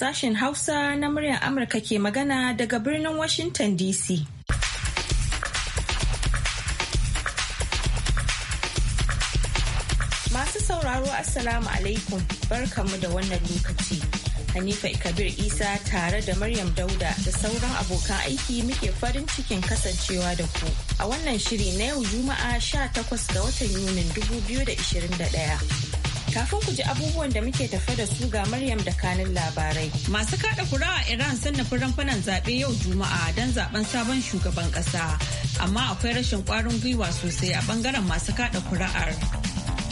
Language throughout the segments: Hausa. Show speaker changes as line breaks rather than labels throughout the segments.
Sashen Hausa na muryar Amurka ke magana daga birnin Washington DC. Masu sauraro Assalamu alaikum mu da wannan lokaci. Hanifa Kabir Isa tare da Maryam Dauda da sauran abokan aiki muke farin cikin kasancewa da ku a wannan shiri na yau Juma'a 18 ga watan Yunin 2021. Kafin ku ji abubuwan da muke tafe da su ga Maryam da kanin labarai. Masu kada kura a Iran sun nufi rumfunan zaɓe yau Juma'a don zaben sabon shugaban ƙasa. Amma akwai rashin ƙwarin gwiwa sosai a ɓangaren masu kada kura'ar.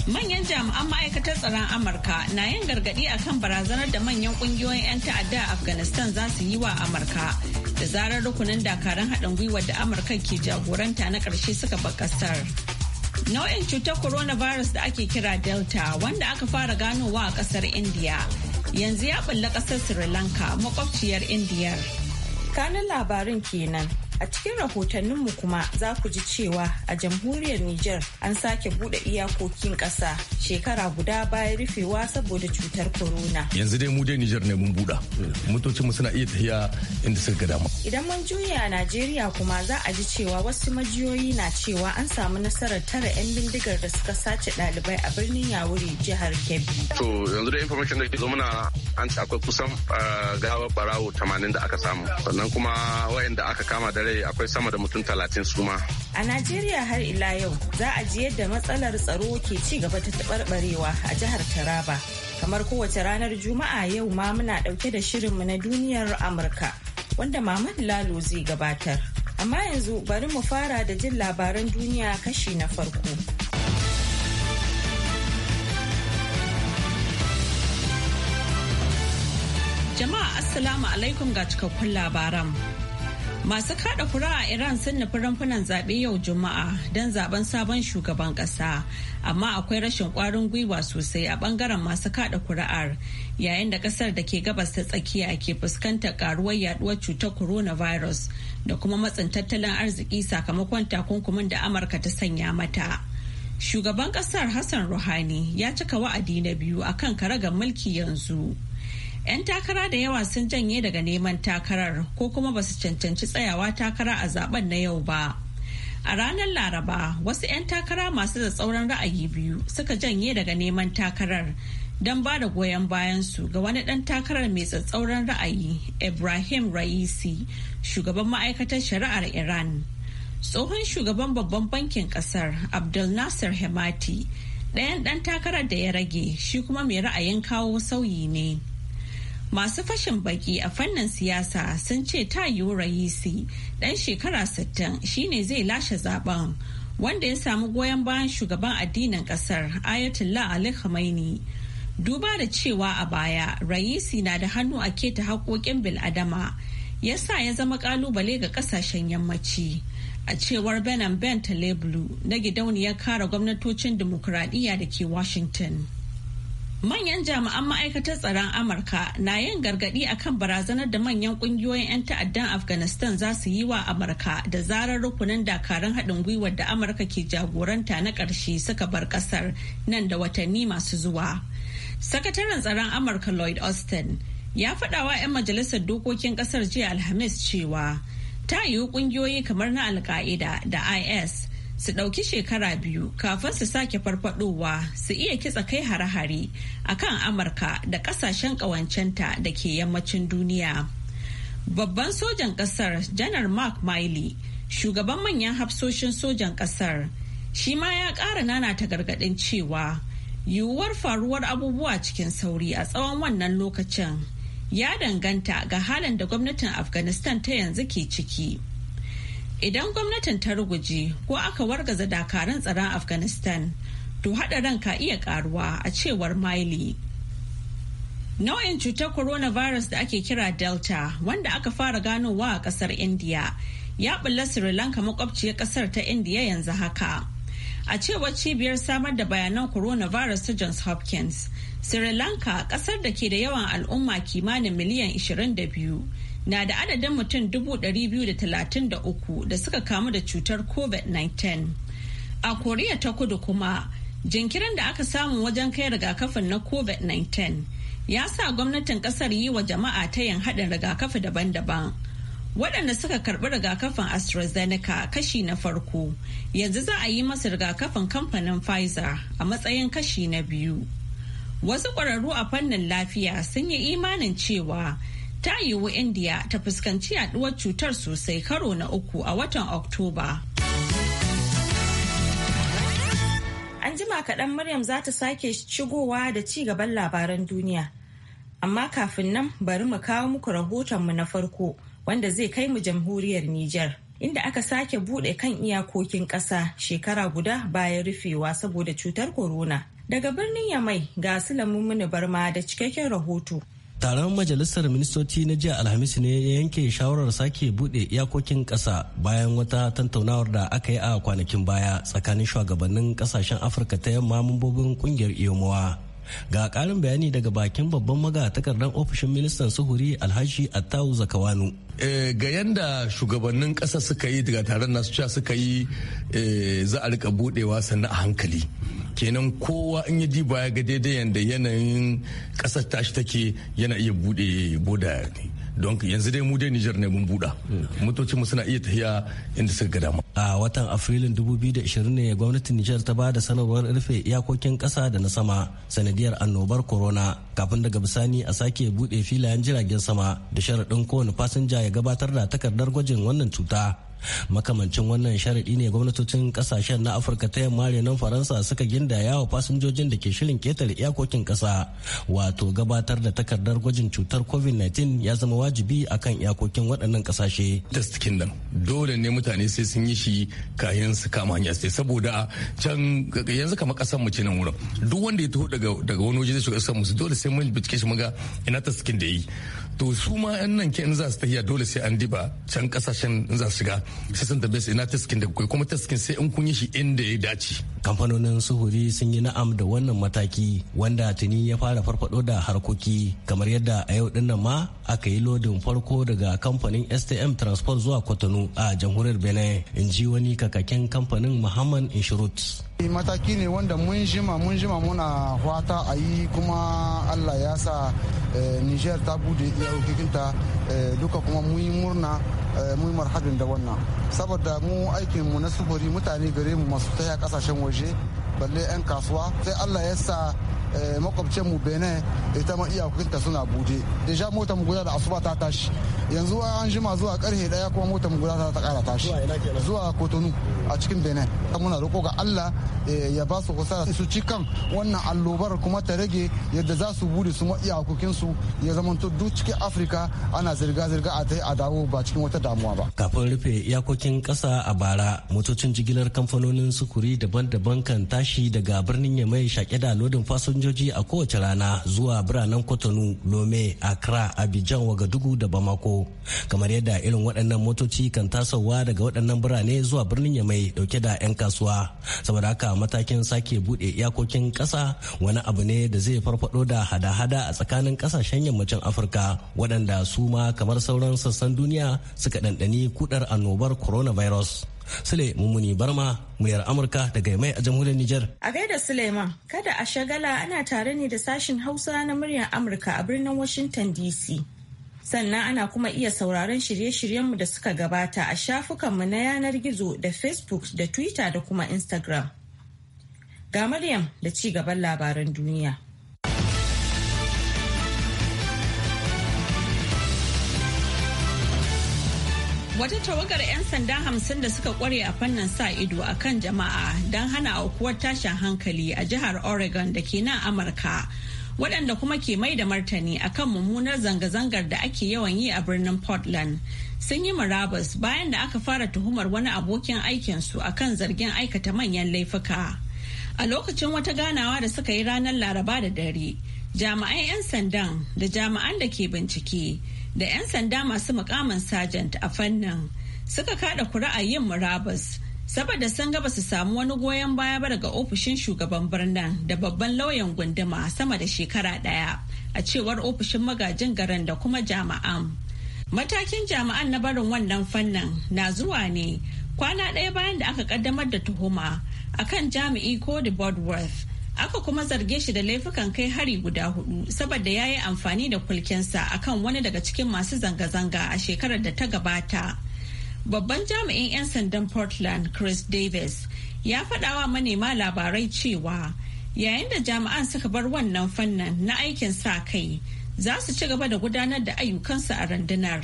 Manyan jami'an ma'aikatar tsaron Amurka na yin gargaɗi kan barazanar da manyan ƙungiyoyin 'yan ta'adda a Afghanistan za su yi wa Amurka. Da zarar rukunin dakarun haɗin gwiwar da Amurka ke jagoranta na ƙarshe suka bakasar. ƙasar. Nau'in cutar coronavirus da ake kira Delta wanda aka fara ganowa a kasar India yanzu ya ɓalla ƙasar Sri Lanka makwabciyar Indiyar. Kanin labarin kenan. A cikin rahotanninmu kuma za ku ji cewa a jamhuriyar Nijar an sake bude iyakokin ƙasa shekara guda bayan rufewa saboda cutar corona.
Yanzu dai mu dai Nijar ne mun buɗa. mu suna iya tafiya inda suka dama.
Idan mun juya a Najeriya kuma za a ji cewa wasu majiyoyi na cewa an samu nasarar tara 'yan bindigar da suka sace ɗalibai a birnin Yawuri jihar Kebbi.
To yanzu dai information da ke zo mana an ci akwai kusan ah, gawar barawo 80 da aka samu. Sannan kuma wayanda aka kama da dare akwai sama da mutum talatin suma.
A Najeriya har ila yau za a ji yadda matsalar tsaro ke ci gaba ta taɓarɓarewa a jihar Taraba. Kamar kowace ranar Juma'a yau ma muna ɗauke da shirin mu na duniyar Amurka wanda Mamad Lalo zai gabatar. Amma yanzu bari mu fara da jin labaran duniya kashi na farko. Jama'a Assalamu alaikum ga cikakkun labaran. Masu kada kura a Iran sun nufi rumfunan zaɓe yau Juma'a don zaben sabon shugaban ƙasa, amma akwai rashin ƙwarin gwiwa sosai a ɓangaren masu kada kura'ar yayin da ƙasar da ke gabas ta tsakiya ke fuskantar ƙaruwar yaduwar cutar coronavirus da kuma matsin tattalin arziki sakamakon takunkumin da Amurka ta sanya mata. Shugaban ƙasar Hassan Rouhani ya cika wa'adi na biyu akan karagar mulki yanzu. 'Yan takara da yawa sun janye daga neman takarar ko kuma ba su cancanci tsayawa takara a zaben na yau ba. A ranar Laraba, wasu 'yan takara masu da tsauran ra'ayi biyu suka janye daga neman takarar don ba da goyon bayansu ga wani ɗan takarar mai tsatsauran ra'ayi, Ibrahim Raisi, shugaban ma'aikatar shari'ar Iran. tsohon shugaban babban bankin kasar abdul nasir hemati ɗayan ɗan takarar da ya rage shi kuma mai ra'ayin kawo sauyi ne Masu fashin baki a fannin siyasa sun ce ta yiwu yisi ɗan shekara 60 shine zai lashe zaben wanda ya samu goyon bayan shugaban addinin kasar Ayatollah Ali Khamenei. Duba da cewa a baya rayisi na da hannu a keta haƙoƙin bil'adama ya sa ya zama kalubale ga kasashen yammaci. A cewar Benin Ben Taleblu na gidauniyar kare gwamnatocin demokuraɗiyya da ke Washington. Manyan jami'an ma'aikatar tsaron Amurka na yin gargaɗi kan barazanar da manyan ƙungiyoyin 'yan ta'addan Afghanistan za su yi wa Amurka da zarar rukunin dakarun haɗin gwiwar da Amurka ke jagoranta na ƙarshe suka bar ƙasar nan da watanni masu zuwa. Sakataren tsaron Amurka Lloyd Austin ya faɗa wa 'yan majalisar dokokin ƙasar jiya Alhamis cewa ta yiwu ƙungiyoyi kamar na al Alka'ida da IS su ɗauki shekara biyu kafin su sake farfadowa su iya kitsa kai hare-hare a kan amurka da ƙasashen ƙawancenta da ke yammacin duniya babban sojan ƙasar janar mark miley shugaban manyan hafsoshin sojan ƙasar shi ma ya ƙara ta gargaɗin cewa yiwuwar faruwar abubuwa cikin sauri a tsawon wannan lokacin ya danganta ga halin da gwamnatin afghanistan ta yanzu ke ciki. Idan gwamnatin ta ruguji ko aka wargaza dakaran tsaron Afghanistan, to haɗarin ka iya ƙaruwa a cewar Miley. Nau'in cutar coronavirus da ake kira Delta, wanda aka fara ganowa a ƙasar India, ya bulla Sri Lanka makwabciyar ƙasar ta India yanzu haka. A cewar cibiyar samar da bayanan coronavirus ta Johns Hopkins, Sri Lanka ƙasar da ke da yawan al'umma kimanin miliyan 22. na da adadin mutum 233 da suka kamu da cutar covid-19 a koriya ta kudu kuma jinkirin da aka samu wajen kai rigakafin na covid-19 ya sa gwamnatin kasar yi wa jama'a ta yin haɗin rigakafi daban-daban waɗanda suka karɓi rigakafin astrazeneca kashi na farko yanzu za a yi masa rigakafin kamfanin pfizer a matsayin kashi na biyu wasu ƙwararru a fannin lafiya sun yi imanin cewa ta yiwu india ta fuskanci yaduwar cutar sosai karo na uku a watan oktoba an jima kaɗan maryam za ta sake shigowa da ci gaban labaran duniya amma kafin nan bari mu kawo muku rahotonmu na farko wanda zai kai mu jamhuriyar niger inda aka sake buɗe kan iyakokin ƙasa shekara guda bayan rufewa saboda cutar corona daga birnin yamai ga sulamun mini barma da cikakken rahoto
taron majalisar ministoci na jiya alhamis ne ya yanke shawarar sake bude iyakokin ƙasa bayan wata tantaunawar da aka yi a kwanakin baya tsakanin shugabannin ƙasashen afirka ta yamma mambobin ƙungiyar iyomowa Ga karin bayani daga bakin babban Maga takardar ofishin ministan suhuri Alhaji Attahu Zakawanu.
Eh, ga yanda shugabannin ƙasa suka yi daga taron nasu cewa suka yi eh, za a rika budewa sannan a hankali kenan kowa in ya diba ya ga daidai yanda yanayin kasar tashi take yana iya bude boda ne don yanzu dai mu dai Nijar ne mun buɗa motocinmu suna iya tafiya inda suka ga dama.
A watan Afrilun 2020 ne gwamnatin niger ta ba da sanarwar rufe iyakokin kasa da na sama sanadiyar annobar corona kafin daga bisani a sake buɗe filayen jiragen sama da sharaɗin kowane fasinja ya gabatar da takardar gwajin wannan cuta makamancin wannan sharadi ne gwamnatocin kasashen na afirka ta yamma renon faransa suka gindaya wa fasinjojin da ke shirin ketare iyakokin kasa wato gabatar da takardar gwajin cutar covid-19 ya zama wajibi akan iyakokin waɗannan ƙasashe
testikin nan dole ne mutane sai sun yi shi kayan su kama hanya sai saboda can yanzu kamar kasan mu ce nan wurin duk wanda ya taho daga wani waje zai shiga kasan mu dole sai mun bincike shi muga ina testikin da yi to su ma yan nan ke in za su tafiya dole sai an diba can kasashen in za su shiga sai sun tambaye su ina taskin da kai kuma taskin sai in kun yi shi inda ya dace
kamfanonin suhuri sun yi na'am da wannan mataki wanda tuni ya fara farfado da harkoki kamar yadda a yau dinnan ma aka yi lodin farko daga kamfanin stm transport zuwa kwatano a jamhuriyar benin in ji wani kakakin kamfanin muhammad inshurut Eh, mataki
ne wanda mun jima mun jima muna hwata a yi kuma allah ya sa eh, niger ta bude iyakokinta eh, duka kuma mun yi murna mun marhabin da wannan saboda mu aikin mu na sufuri mutane gare mu masu taya kasashen waje balle 'yan kasuwa sai allah ya sa Eh, makwabcin mu benin ita eh, ma iyakokinta suna bude deja mota mu guda da asuba ta tashi yanzu an jima zuwa karfe daya kuma mota mu guda ta kara tashi zuwa kotonu a cikin benin muna roko ga allah eh, ya ba su kusa su ci kan wannan allobar kuma ta rage yadda za su bude su iyakokinsu ya zamanto duk cikin afirka ana zirga-zirga a ta a dawo ba cikin wata damuwa ba
kafin rufe iyakokin kasa a bara motocin jigilar kamfanonin sukuri daban-daban kan tashi daga birnin yamai shaƙe da lodin faso. fasinjoji a kowace rana zuwa biranen Kotonu, Lome, Accra, Abidjan, Wagadugu da Bamako. Kamar yadda irin waɗannan motoci kan tasowa daga waɗannan birane zuwa birnin Yamai dauke da 'yan kasuwa. Saboda haka matakin sake buɗe iyakokin ƙasa wani abu ne da zai farfado da hada-hada a tsakanin ƙasashen yammacin Afirka waɗanda su ma kamar sauran sassan duniya suka ɗanɗani kudar annobar coronavirus. Sule Mummuni Barma muryar Amurka daga mai a jamhuriyar Nijar.
A gaida Suleiman, kada a shagala ana tare ne da sashin Hausa na muryar Amurka a birnin Washington DC. Sannan ana kuma iya sauraron shirye-shiryenmu da suka gabata a shafukanmu na yanar gizo da Facebook da Twitter da kuma Instagram. Ga Maryam da ci gaban labaran duniya. Wata tawagar 'yan sanda hamsin da suka kware a fannin sa ido a kan jama'a don hana aukuwar tashin hankali a jihar Oregon da ke nan Amurka. Waɗanda kuma ke mai da martani a kan mummunar zanga-zangar da ake yawan yi a birnin Portland. Sun yi murabus bayan da aka fara tuhumar wani abokin aikinsu a kan zargin aikata manyan laifuka. A lokacin wata ganawa da suka yi ranar Laraba da dare, jami'an 'yan sandan da jami'an da ke bincike. da 'yan sanda masu mukamin sergeant a fannin suka kada kuri'a yin murabus saboda sun ga su samu wani goyon baya ba daga ofishin shugaban birnin da babban lauyan gunduma sama da shekara daya a cewar ofishin magajin garin da kuma jama'an matakin jama'an na barin wannan fannin na zuwa ne kwana ɗaya bayan da aka kaddamar da tuhuma akan jami'i cody bodworth aka kuma zarge shi da laifukan kai hari guda hudu saboda ya yi amfani da kulkensa akan wani daga cikin masu zanga-zanga a shekarar da ta gabata babban jami'in 'yan sandan portland chris davis ya faɗawa manema labarai cewa yayin da jami'an suka bar wannan fannin na aikin sa kai za su ci gaba da gudanar da ayyukansu a rundunar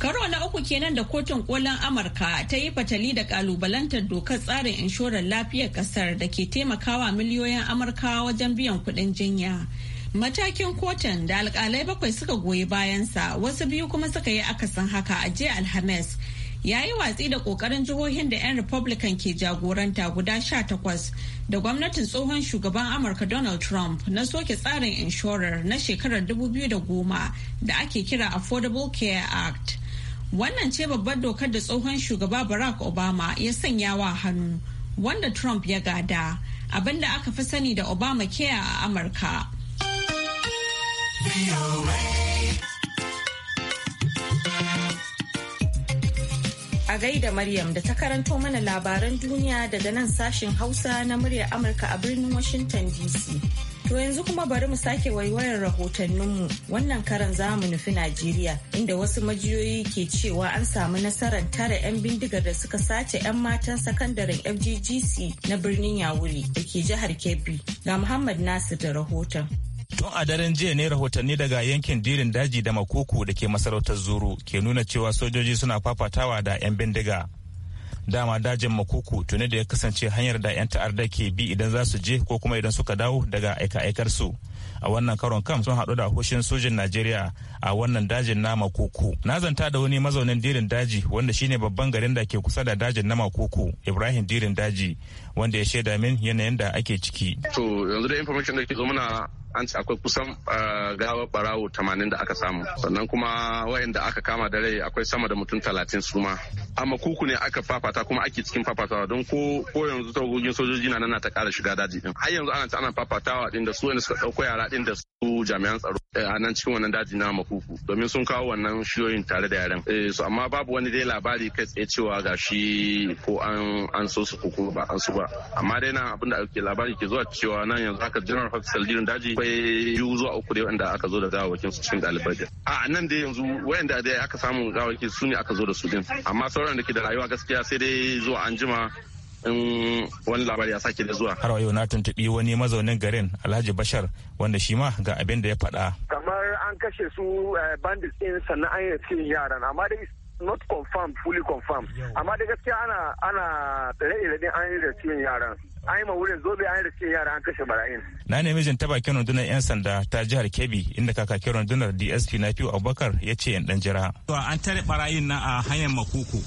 Karo na uku kenan da kotun kolin Amurka ta yi fatali da kalubalantar dokar tsarin inshorar lafiyar kasar da ke taimakawa miliyoyin Amurkawa wajen biyan kuɗin jinya. Matakin kotun da alkalai bakwai suka goyi bayansa wasu biyu kuma suka yi akasin haka a jiya Alhamis. Ya yi watsi da kokarin jihohin da 'yan Republican ke jagoranta guda sha takwas da gwamnatin tsohon shugaban Amurka Donald Trump na soke tsarin inshorar na shekarar 2010 da ake kira Affordable Care Act. Wannan ce babbar dokar da tsohon shugaba Barack Obama ya sanya wa hannu wanda Trump ya gada abinda aka fi sani da Obama Care a Amurka. A gaida Maryam da ta karanto mana labaran duniya daga nan sashin Hausa na murya Amurka a birnin Washington DC. To yanzu kuma bari mu sake waiwayar rahotanninmu wannan karan za mu nufi Najeriya inda wasu majiyoyi ke cewa an samu nasarar tara 'yan bindigar da suka sace 'yan matan sakandaren FGGC na birnin Yawuri da ke jihar Kebbi ga Muhammad Nasir da rahoton.
Tun a daren jiya ne rahotanni daga yankin dirin daji da makoko da ke masarautar zuru ke nuna cewa sojoji suna fafatawa da 'yan bindiga dama dajin makuku tuni da ya kasance hanyar da 'yan ta'arda ke bi idan za su je ko kuma idan suka dawo daga aika-aikar su a wannan karon kam sun haɗu da hushin sojin najeriya a wannan dajin na makuku na zanta da wani mazaunin dirin daji wanda shine babban garin da ke kusa da dajin na makuku ibrahim dirin daji wanda ya shaida min yanayin da ake ciki
to yanzu da information da ke zo mana an ce akwai kusan ah, gawa barawo tamanin da aka samu sannan kuma wayanda aka kama da rai akwai sama da mutum talatin suma a makuku ne aka fafata kuma ake cikin fafatawa don ko ko yanzu tagogin sojoji na nan ta kara shiga daji din har yanzu ana ta ana fafatawa din da su ne suka dauko yara din da su jami'an tsaro eh, a nan cikin wannan daji na makuku domin sun kawo wannan shiyoyin tare da yaran eh, so amma babu wani dai labari kai tsaye cewa gashi ko an an so su kuku ba an su ba amma dai nan abinda ake labari ke zuwa cewa nan yanzu haka general hospital jirin daji akwai yi zuwa uku dai wanda aka zo da gawakin su cikin dalibai a nan dai yanzu wayanda dai aka samu gawakin su ne aka zo da su din amma sauran al'amuran da ke da rayuwa gaskiya sai dai zuwa anjima in wani labari ya sake da
zuwa. Har yau na tuntuɓi wani mazaunin garin Alhaji Bashar wanda shi ma ga abin da ya faɗa.
Kamar an kashe su eh, bandits ɗin sannan an yi yaran amma dai not confirmed fully confirmed amma dai gaskiya ana ana tsare an yi da yaran. an yi ma wurin zobe an yi cikin yara an kashe barayin.
Na ne mijin ta bakin rundunar 'yan sanda ta jihar Kebbi inda kakakin rundunar DSP na fiye Abubakar ya ce yan dan jira. An tare barayin na a hanyar makuku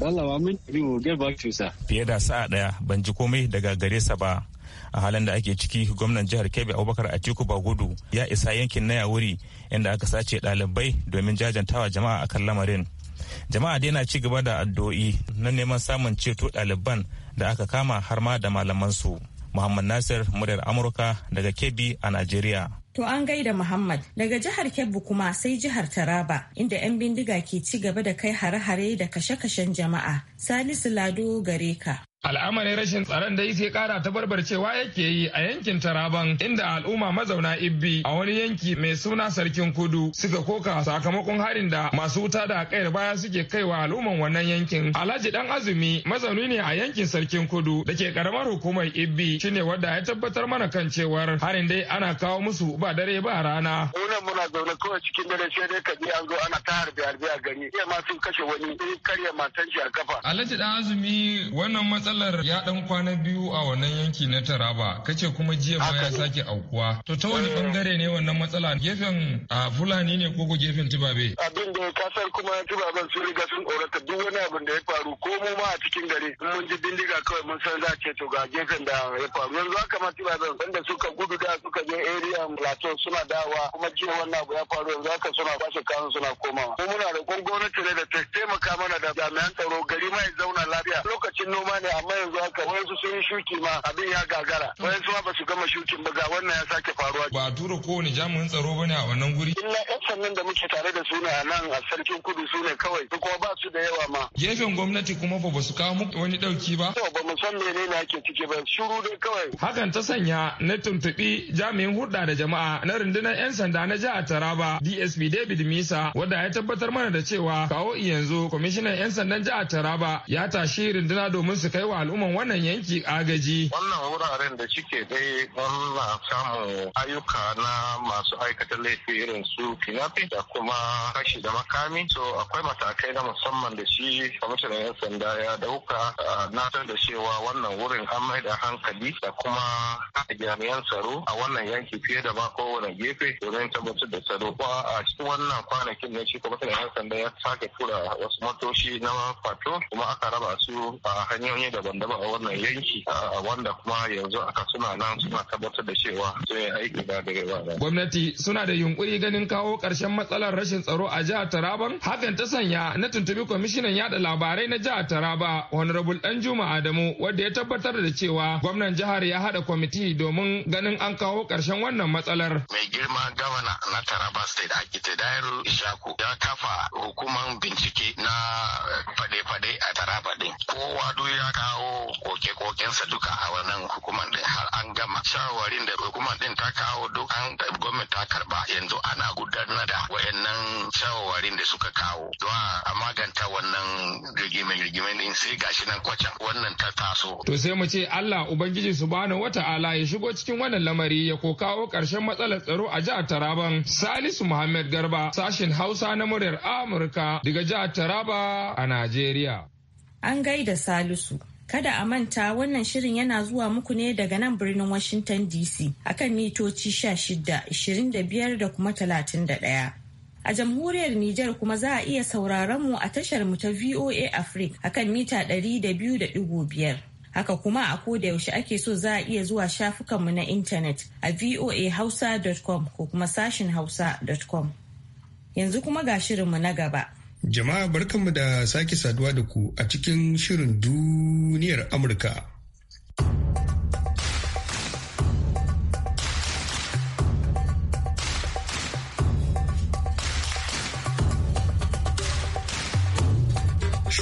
Dallawa min biyu get back to Fiye da sa'a daya ban ji komai daga gare sa ba. a halin da ake ciki gwamnan jihar kebbi abubakar atiku gudu ya isa yankin na yawuri inda aka sace ɗalibai domin jajantawa jama'a akan lamarin jama'a dai na ci gaba da addu'o'i na neman samun ceto ɗaliban da aka kama har ma da malamansu. Muhammad Nasir muryar Amurka daga Kebbi a Najeriya.
To an gaida Muhammad daga jihar Kebbi kuma sai jihar Taraba inda 'yan bindiga ke ci gaba da kai hare-hare da kashe-kashen jama'a. Salisu Lado gare ka.
Al'amarin rashin tsaron dai sai kara ta tabarbarcewa yake yi a yankin Taraban inda al'umma mazauna Ibbi a wani yanki mai suna Sarkin Kudu suka koka sakamakon harin da masu wuta da kayar baya suke kaiwa al'umman wannan yankin. Alhaji Dan Azumi mazauni ne a yankin Sarkin Kudu da ke karamar hukumar Ibbi shine wadda ya tabbatar mana kan cewar harin dai ana kawo musu ba dare ba rana.
Wannan muna zaune cikin dare sai dai kaji an zo ana ta harbe harbe
a gari. sun kashe wani karya matan shi a kafa. Alhaji Dan Azumi wannan matsalar ya dan kwana biyu a wannan yanki na Taraba kace kuma jiya ma ya sake aukuwa to ta wani eh. bangare ne wannan matsala gefen a Fulani ne ko gefen Tibabe abin da kasar kuma Tibaben sun riga sun tsorata
duk wani abin da ya faru ko mu ma a cikin gari mun ji bindiga kawai mun san za ce to ga gefen da ya faru yanzu haka ma Tibaben wanda suka gudu da suka je area plateau suna dawa kuma jiya wannan abu ya faru yanzu haka suna kwashe kan suna komawa ko muna da gwamnati ne da ta taimaka mana da jami'an tsaro gari ma ya zauna lafiya lokacin noma ne a amma yanzu haka wayansu sun yi shuki ma abin
ya gagara wayansu ma ba su gama shukin ba ga wannan ya sake faruwa ba a tura kowane jami'in tsaro bane a wannan guri illa yan sannan da muke tare da su ne a nan a sarkin kudu su ne kawai kuma ba su da yawa ma gefen gwamnati kuma ba su kawo muku wani dauki ba ba san ne ake ciki ba shuru dai kawai. Hakan ta sanya na tuntuɓi jami'in hulɗa da jama'a na rundunar 'yan sanda na jihar Taraba DSP David Misa wadda ya tabbatar mana da cewa kawo yanzu kwamishinan 'yan sandan jihar Taraba ya tashi runduna domin su kai wa al'umman wannan yanki agaji. Wannan
wuraren da suke dai wannan samun ayyuka na masu aikata laifi irin su kinafi da kuma kashi da makami. So akwai matakai na musamman da shi
kwamishinan 'yan sanda ya dauka na da cewa cewa wannan wurin an mai da hankali da kuma jami'an tsaro a wannan yanki fiye da ba kowane gefe domin tabbatar
da tsaro. A cikin wannan kwanakin ne shi kuma kwamitin yan sanda ya sake tura wasu motoci na fato kuma aka raba su a hanyoyi daban-daban a wannan yanki wanda kuma yanzu aka suna nan suna tabbatar da cewa sai aiki da da
Gwamnati suna da yunkuri ganin kawo karshen matsalar rashin tsaro a jihar Taraban hakan ta sanya na tuntubi kwamishinan yada labarai na jihar Taraba Honorable Danjuma Adamu Wanda ya tabbatar da cewa gwamnan jihar ya haɗa kwamiti domin ganin an kawo karshen wannan matsalar.
Mai girma gavana na
Taraba State Akite Dairu Ishaku ya kafa hukuman bincike na fade-fade a Taraba din. Kowa duk ya kawo koke-kokensa duka a wannan hukuman din har an gama. Shawarin da hukuman din ta kawo duk an gwamnati ta karba yanzu ana gudanar da wayannan shawarin da suka kawo. Don a maganta wannan
rigimen-rigimen din sai gashi nan kwacan wannan ta
To sai mu ce Allah Ubangiji Subhanahu wata'ala ya shigo cikin wannan lamari ya ko kawo ƙarshen matsalar tsaro a jihar Taraban. Salisu Muhammad Garba sashin Hausa na muryar Amurka daga jihar Taraba a Najeriya.
An gaida Salisu. Kada a manta wannan shirin yana zuwa muku ne daga nan birnin Washington DC akan mitoci 16, 25 da kuma 31. A jamhuriyar Nijar kuma za a iya sauraron mu a tashar mu ta VOA Africa akan mita 200.5. Haka kuma a koda yaushe ake so za a iya zuwa shafukanmu na intanet a voahausa.com ko kuma sashin hausa.com. Yanzu kuma ga shirin mu na gaba.
Jama'a barkanmu da sake saduwa da ku a cikin shirin duniyar Amurka.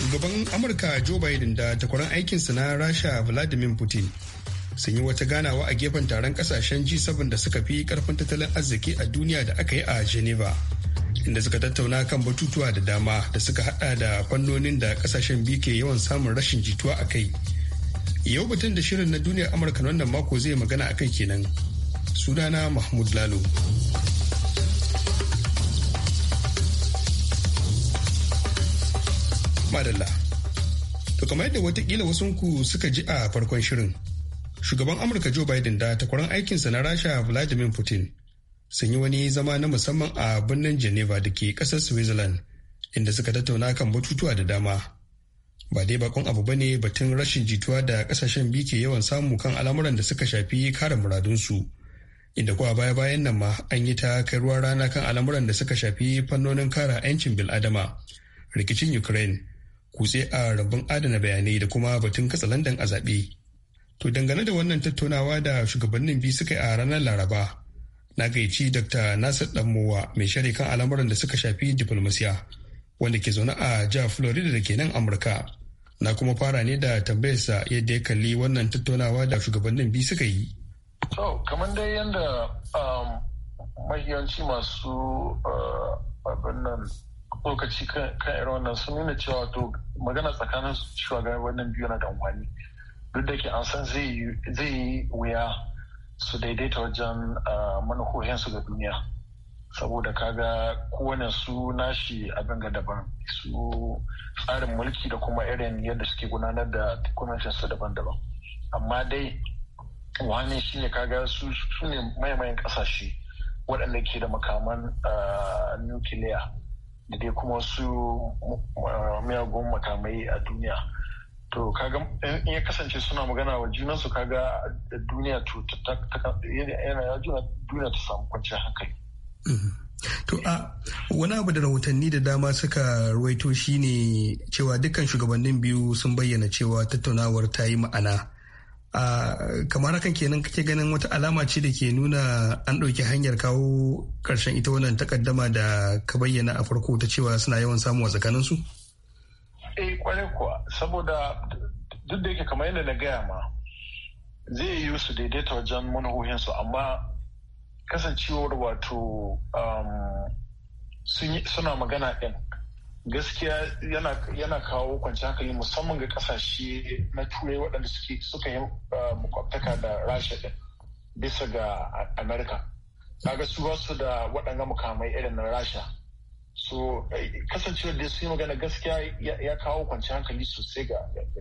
shugaban amurka joe biden da takwaran aikinsa na rasha vladimir putin sun yi wata ganawa a gefen taron kasashen g7 da suka fi karfin tattalin arziki a duniya da aka yi a geneva inda suka tattauna kan batutuwa da dama da suka hada da fannonin da kasashen biyu ke yawan samun rashin jituwa a kai yau batun da shirin na duniyar amurka wannan mako zai magana a kai kenan sunana mahmud lalo madalla. To kamar yadda watakila wasunku suka ji a farkon shirin. Shugaban Amurka Joe Biden da takwaran aikinsa na Rasha Vladimir Putin sun yi wani zama na musamman a birnin Geneva da ke kasar Switzerland inda suka tattauna kan batutuwa da dama. Ba dai bakon abu ba ne batun rashin jituwa da ƙasashen biyu ke yawan samu kan al'amuran da suka shafi kare muradunsu. Inda kuwa baya-bayan nan ma an yi ta kai ruwa rana kan al'amuran da suka shafi fannonin kare 'yancin bil'adama, rikicin Ukraine, kutse a rabon adana bayanai da kuma batun katsalandan a zaɓe. To dangane da wannan tattaunawa da shugabannin biyu suka yi a ranar Laraba, na gaici Dr. Nasir Danmowa mai share kan al'amuran da suka shafi diplomasiya wanda ke zaune a jihar Florida da ke nan Amurka. Na kuma fara ne da tambayarsa yadda ya kalli wannan tattaunawa da shugabannin biyu suka yi.
To, kamar dai yadda um, mahiyanci masu uh, abin nan lokaci kan irin wannan sun nuna cewa to magana tsakanin wannan biyu na da wani duk da ke an san zai yi wuya su daidaita wajen ah, su ga duniya saboda kaga kowane su nashi abin ga daban su tsarin mulki da kuma irin yadda suke gudanar da su daban-daban amma dai wani shine kaga su ne mayan kasashe waɗanda ke da makaman ah, nukiliya da dai kuma su uh, miyagun makamai a duniya to kaga in ya kasance suna magana wa junansu kaga duniya to yana duniya ta samu kwanciyar hankali
mm-hmm. To a wani abu da rahotanni da dama suka ruwaito shine cewa dukkan shugabannin biyu sun bayyana cewa tattaunawar ta yi ma'ana kamar hakan kenan kake ganin wata alama ce da ke nuna an ɗauki hanyar kawo ƙarshen ita wannan takaddama da ka bayyana a farko ta cewa suna yawan samu a tsakaninsu?
eh kwarai kuwa saboda duk da yake kamar yadda na gaya ma zai yi su daidaita wajen su amma kasancewar wato um, suna magana ɗin gaskiya yana kawo kwanci hankali musamman ga kasashe na turai waɗanda suka yi ah, makwabtaka da rasha ɗin bisa ga amerika kaga su basu da waɗanga mukamai irin na rasha so eh, kasancewar da su yi magana gaskiya ya kawo kwanci hankali sosai ga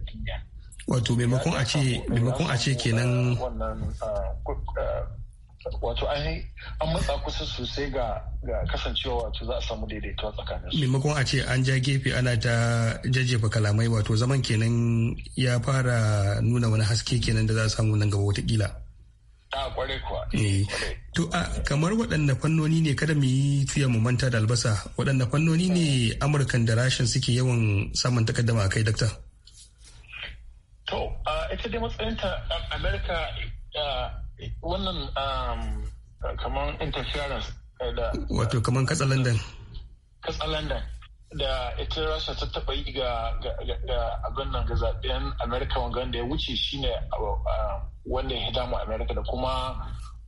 duniya
wato maimakon a ce kenan
wannan ah, ah, wato an matsa kusa sosai ga kasancewa wato za a samu daidaito tsakanin su.
Maimakon a ce an ja gefe ana ta jajjefa kalamai wato zaman kenan ya fara nuna wani haske kenan da za a samu nan gaba watakila.
A kwarai kuwa.
Eh. To a kamar waɗanne fannoni ne kada mu yi tuya mu manta da albasa waɗanne fannoni ne Amurkan da Rashin suke yawan samun takaddama a kai dakta? To, ita dai matsayinta Amerika wannan um,
kamar interference eh, da wato kamar katsa da ita rasha ta taba yi ga abin nan ga zaben amerika wanda ya wuce shine uh, um, wanda ya damu amerika da kuma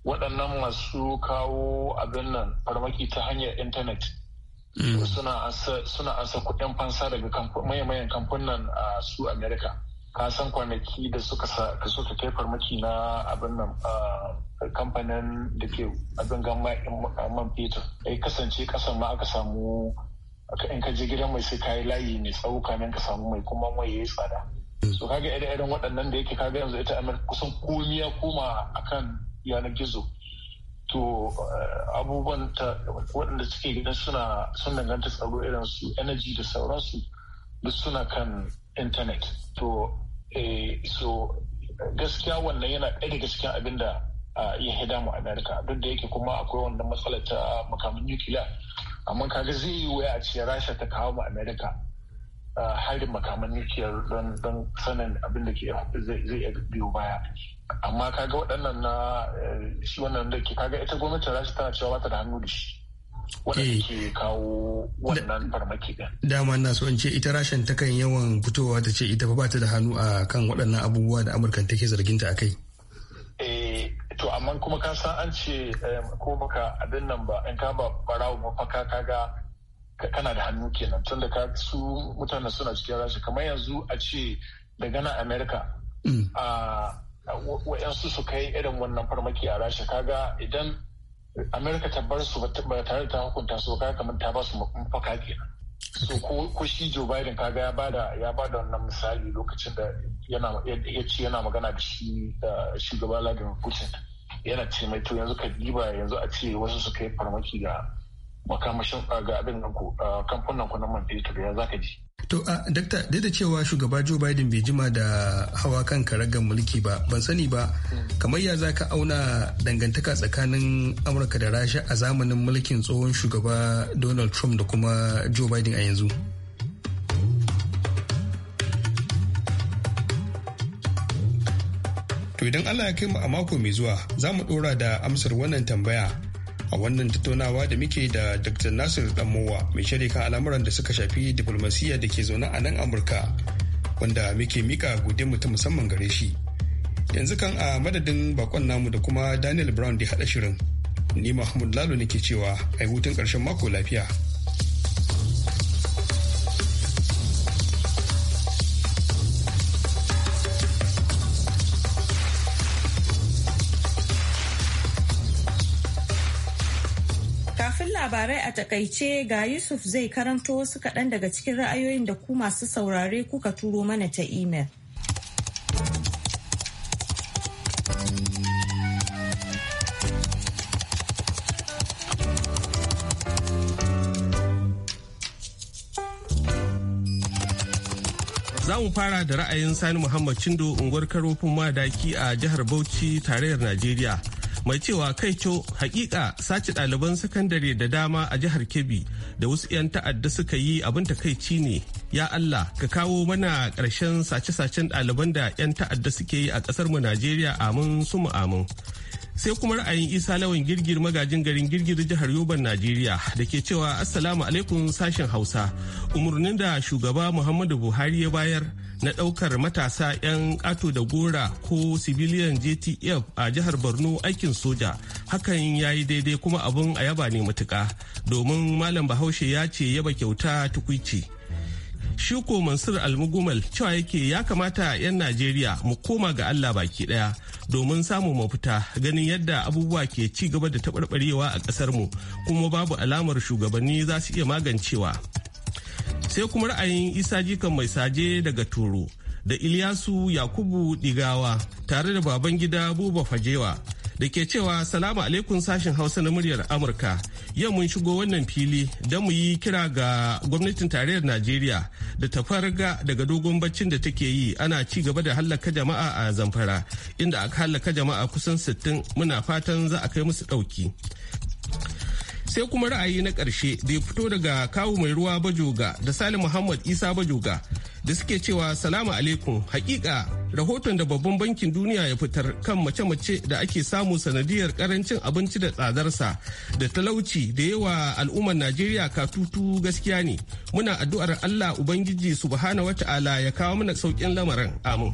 waɗannan masu kawo abin nan farmaki ta hanyar intanet mm. suna ansa kuɗin fansa daga mayan kamfanin uh, su amerika ka san kwanaki da suka da suka kai farmaki na abin nan kamfanin da ke abin gama man fetur ya kasance kasan ma aka samu in ka je gidan mai sai ka yi layi mai tsawo kamin ka samu mai kuma mai yi tsada hmm. so kaga irin irin waɗannan da yake kaga yanzu ita amir kusan komi ya koma akan yanar gizo to abubuwan ta waɗanda suke gidan suna sun danganta tsaro irin su energy da sauransu duk suna kan Internet to eh, so gaskiya wannan yana ɗaya daga cikin abin da ah, ya haida mu amerika duk da yake kuma akwai wannan matsalar ta makamin nukiliya amma kaga zai yi wuya a ce rasha ta kawo mu amerika ah, harin makaman nukiyar don sanin abin da zai iya biyo baya amma kaga waɗannan na eh, shi wannan da ke kaga ita gwamnatin rasha tana cewa ta da hannu da shi wadanda eh. ke kawo wannan farmaki ɗin.
Dama na so in ce ita rashin takan yawan fitowa ta ce ita ba ta da hannu a kan waɗannan abubuwa da Amurka take zarginta a kai.
Eh, to amma kuma ka san an ce ko baka abin nan ba in ka ba barawo mafaka kaga kana da hannu kenan tunda ka su mutanen suna cikin rashin kamar yanzu a ce da gana Amerika mm. a wa'yansu su kai irin wannan farmaki a rasha kaga idan amerika ta bar su ba tare da ta hukunta su ba kamar ta ba su mafaka kenan so ko shi Joe Biden kaga ya bada ya bada wannan misali lokacin da yana ya ce yana magana da shi shugaba Vladimir Putin yana ce mai to yanzu ka diba yanzu a ce wasu su kai farmaki ga makamashin ga abin nan ko kamfanin ku na man fetur ya zaka ji
To a dakta dai da cewa shugaba Joe Biden bai jima da hawa kan karagar mulki ba ban sani ba kamar ya zaka auna dangantaka tsakanin Amurka da Rasha a zamanin mulkin tsohon shugaba Donald Trump da kuma Joe Biden a yanzu. To idan Allah ya kai mu a mako mai zuwa za mu ɗora da amsar wannan tambaya a wannan tattaunawa da muke da dr nasir danmowa mai shari kan al'amuran da suka shafi diplomasiya da ke zaune a nan amurka wanda muke mika mu ta musamman gare shi yanzu kan a madadin bakon namu da kuma daniel brown da haɗa shirin ni mahmud lalo nake cewa ai hutun ƙarshen mako lafiya
a takaice ga Yusuf zai karanto wasu kaɗan daga cikin ra'ayoyin da ku masu saurare kuka turo mana ta imel.
Za mu fara da ra'ayin Sani Muhammad Cindo unguwar karofin madaki a jihar Bauchi tarayyar Najeriya. mai cewa kai co hakika sace ɗaliban sakandare da dama a jihar kebbi da wasu 'yan ta'adda suka yi abin takaici ne ya allah ka kawo mana ƙarshen sace-sacen ɗaliban da 'yan ta'adda suke yi a ƙasar mu najeriya amin su mu amin sai kuma ra'ayin isa lawan girgir magajin garin girgir jihar yoban najeriya da ke cewa assalamu alaikum sashen hausa umarnin da shugaba muhammadu buhari ya bayar na ɗaukar matasa 'yan ƙato da gora ko sibiliyan JTF a jihar Borno aikin soja hakan ya yi daidai kuma abin a yaba ne matuka domin Malam Bahaushe ya ce yaba kyauta tukwici. Shuko Mansur Almugumal cewa yake ya kamata 'yan Najeriya mu koma ga Allah baki ɗaya domin samun mafita ganin yadda abubuwa ke ci gaba da taɓarɓarewa a mu kuma babu alamar shugabanni za su iya magancewa. sai kuma ra'ayin isa jikan mai saje daga toro da iliyasu yakubu digawa tare da baban gida buba fajewa da ke cewa salamu alaikum sashen hausa na muryar amurka yau mun shigo wannan fili don mu yi kira ga gwamnatin tarayyar najeriya da ta farga daga dogon baccin da take yi ana ci gaba da hallaka jama'a a zamfara inda aka hallaka jama'a kusan 60 muna fatan za a kai musu dauki sai kuma ra'ayi na ƙarshe da ya fito daga kawu mai ruwa bajoga da salim muhammad isa bajoga da suke cewa salamu alaikum hakika rahoton da babban bankin duniya ya fitar kan mace-mace da ake samu sanadiyar karancin abinci da tsadarsa da talauci da yawa al'ummar najeriya tutu gaskiya ne muna addu'ar allah ubangiji subhana wata'ala ya kawo mana saukin lamarin amin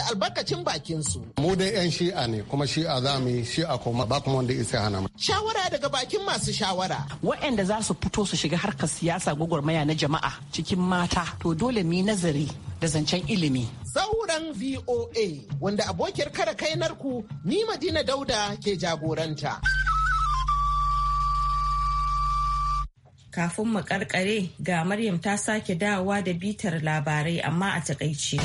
da albarkacin bakinsu. Mu dai 'yan shi'a ne kuma shi'a za mu yi shi'a kuma ba kuma wanda isa hana Shawara daga bakin masu shawara. Waɗanda za su fito su shiga harkar siyasa gwagwarmaya na jama'a cikin mata to dole mu nazari da zancen ilimi. Sauran VOA wanda abokiyar kare kai narku ni Madina Dauda ke jagoranta.
Kafin mu karkare ga Maryam ta sake dawowa da bitar labarai amma a takaice.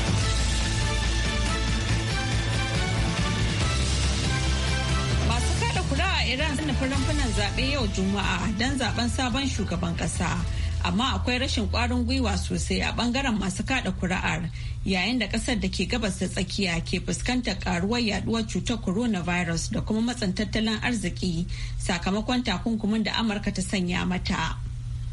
rumfunan zaɓe yau Juma'a don zaɓen sabon shugaban ƙasa. Amma akwai rashin ƙwarin gwiwa sosai a ɓangaren masu kaɗa kura'ar yayin da ƙasar da ke gabas da tsakiya ke fuskantar ƙaruwar yaduwar cutar coronavirus da kuma matsin tattalin arziki sakamakon takunkumin da Amurka ta sanya mata.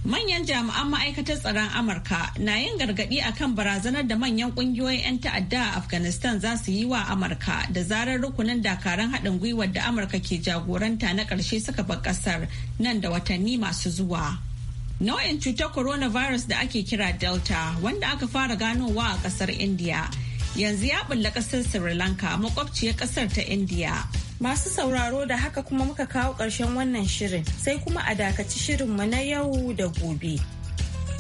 Manyan jami'an ma'aikatar tsaron Amurka na yin gargaɗi kan barazanar da manyan ƙungiyoyin 'yan ta'adda a Afghanistan za su yi wa Amurka da zarar rukunin dakaran haɗin gwiwar da Amurka ke jagoranta na ƙarshe suka bar ƙasar nan da watanni masu zuwa. Nau'in cutar coronavirus da ake kira Delta wanda aka fara ganowa a ƙasar India yanzu ya ɓulla ƙasar Sri Lanka makwabciyar ƙasar ta India. Masu sauraro da haka kuma muka kawo ƙarshen wannan shirin sai kuma a dakaci shirinmu na yau da gobe.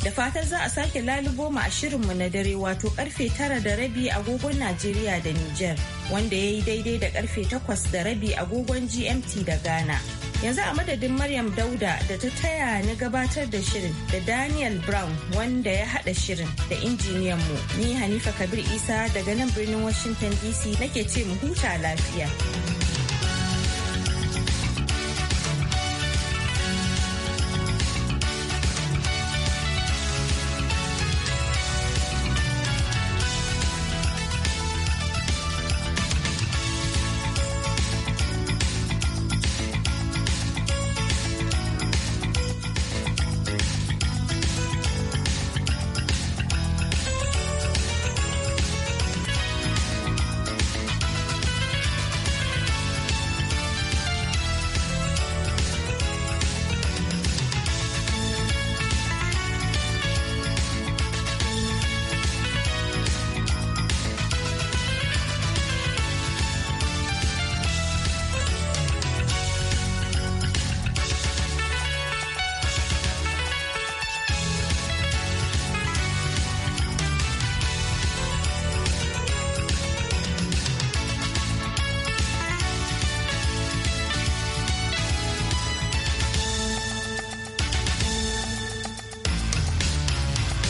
Da fatan za a sake lalubo mu a shirinmu na dare wato karfe tara da rabi agogon Najeriya da Niger, wanda ya yi daidai da karfe takwas da rabi agogon GMT da Ghana. Yanzu a madadin Maryam Dauda da ta taya ni gabatar da shirin da Daniel Brown wanda ya haɗa shirin da injiniyan mu ni Hanifa Kabir Isa daga nan birnin Washington DC nake ce mu huta lafiya.